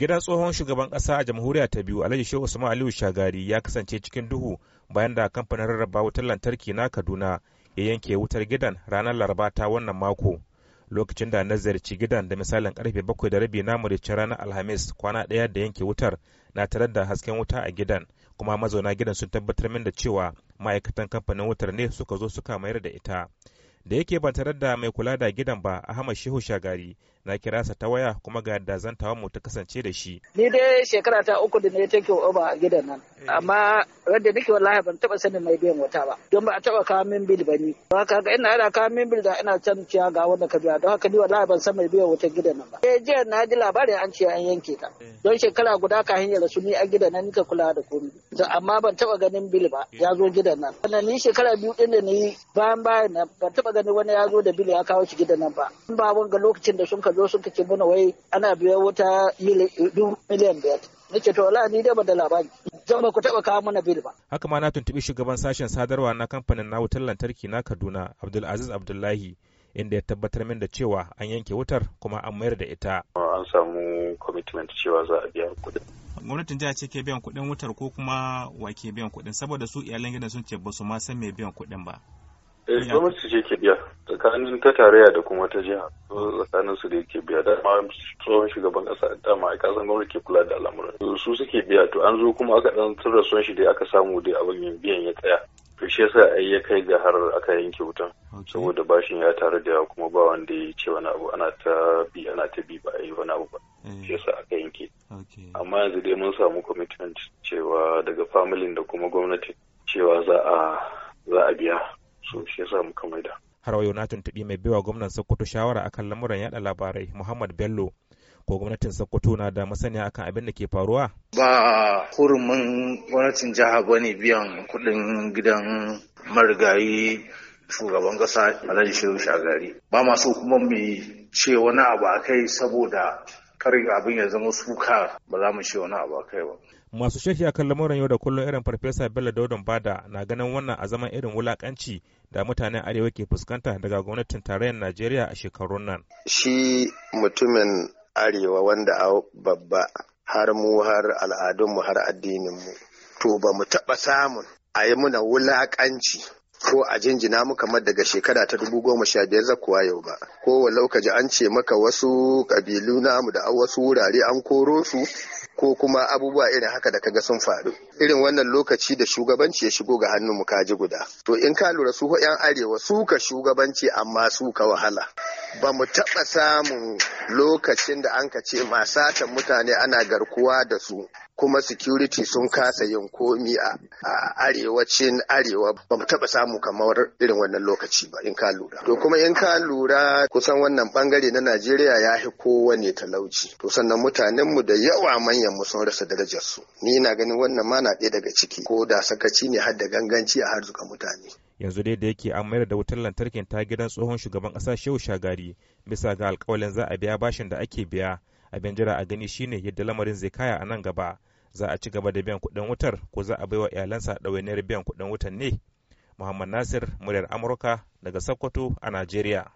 Gidan tsohon shugaban kasa a jamhuriya ta biyu Alhaji Shehu Usman Aliyu Shagari ya kasance cikin duhu bayan da kamfanin rarraba wutar lantarki na Kaduna ya yanke wutar gidan ranar Laraba ta wannan mako. Lokacin da na ziyarci gidan da misalin karfe bakwai da rabi na murice ranar Alhamis kwana daya da yanke wutar na tare da hasken wuta a gidan kuma mazauna gidan sun tabbatar min da cewa ma'aikatan kamfanin wutar ne suka zo suka mayar da ita. da yake ban tarar da mai kula da gidan ba Ahmad Shehu Shagari na kira sa ta waya kuma ga yadda zantawa mu ta kasance da shi. Ni dai shekara ta uku da ne take oba a gidan nan eh. amma wanda nake wallahi ban taba sanin mai biyan wata ba don ba a taba kawo min bil ba ni. Ba ka ga ina ana kawo min bil da ina can ciya ga wanda ka biya don haka ni wallahi ban san mai biyan wata gidan nan ba. Eh jiya na ji labarin an ce an yanke ta eh. don shekara guda ka hanyar su ni a gidan nan nika kula da komai amma ban taba ganin bil ba ya zo gidan nan. Sannan ni shekara biyu din da ni bayan bayan ban taba taba ganin wani ya zo da bili ya kawo shi gidan nan ba in ba wanga lokacin da sun ka zo sun ce mana wai ana biya wata miliyan biyar ce to wala ni da ba da labari zan ba ku taba kawo mana bil ba haka ma na tuntubi shugaban sashen sadarwa na kamfanin na wutar lantarki na Kaduna Abdulaziz Abdullahi inda ya tabbatar min da cewa an yanke wutar kuma an mayar da ita. An samu commitment cewa za a biya kuɗin. Gwamnatin jiha ce ke biyan kuɗin wutar ko kuma wa ke biyan kuɗin saboda su iyalan gidan sun ce ba su ma san me biyan kuɗin ba. Eh, gwamnati ce ke biya tsakanin ta tarayya da kuma ta jiha tsakanin su da yake biya ma tsohon shugaban kasa ma aika san gwamnati ke kula da al'amuran su suke biya to an zo kuma aka dan tura son shi da aka samu da abin biyan ya tsaya to shi yasa ai ya kai ga har aka yanke wutan saboda bashin ya tare da yawa kuma ba wanda ya ce wani abu ana ta bi ana ta bi ba a yi wani abu ba eh. shi yasa aka yanke amma yanzu dai mun samu commitment cewa daga familin da kuma gwamnati cewa za a za a biya so shi kamar da. har wayo na tuntuɓi mai baiwa gwamnan sokoto shawara akan lamuran yada labarai muhammad bello ko gwamnatin sokoto na da masaniya akan abin da ke faruwa ba hurumin gwamnatin jiha ba ne biyan kuɗin gidan marigayi shugaban ƙasa alhaji shehu shagari ba masu kuma mu ce wani abu a kai saboda kar abin ya zama suka ba za mu ce wani abu kai ba. Masu a kan lamuran yau da kullum irin Farfesa Bello Daudon Bada na ganin wannan a zaman irin wulakanci da mutanen Arewa ke fuskanta daga gwamnatin tarayyar Najeriya a shekarun nan. Shi mutumin Arewa wanda a babba har mu har al'adunmu har addininmu. To ba mu taɓa samun a yi muna wulakanci ko a jinjina mu kamar daga shekara ta dubu goma sha biyar za kuwa yau ba ko wallau ka ji an ce maka wasu kabilu namu da wasu wurare an koro su ko kuma abubuwa irin haka da kaga sun faru irin wannan lokaci da shugabanci ya shigo ga hannun mu kaji guda to in ka lura su yan arewa su ka shugabanci amma su ka wahala ba mu taɓa samun lokacin da an ka ce masatan mutane ana garkuwa da su kuma security sun kasa yin komi a arewacin arewa ba mu taɓa samu kamar irin wannan lokaci ba in ka lura to kuma in ka lura kusan wannan bangare na najeriya ya fi kowane talauci to sannan mutanenmu da yawa manyan mu sun rasa darajarsu ni na ganin wannan ma na ɗaya daga ciki ko da sakaci ne har da ganganci a harzuka mutane yanzu dai da yake an mayar da wutar lantarkin ta gidan tsohon shugaban ƙasa shehu shagari bisa ga alƙawalin za a biya bashin da ake biya abin jira a gani shine yadda lamarin zai kaya a nan gaba za a ci gaba da biyan kuɗin wutar ko za a baiwa iyalansa ɗawainiyar biyan kuɗin wutan ne muhammad nasir muryar amurka daga sokoto a najeriya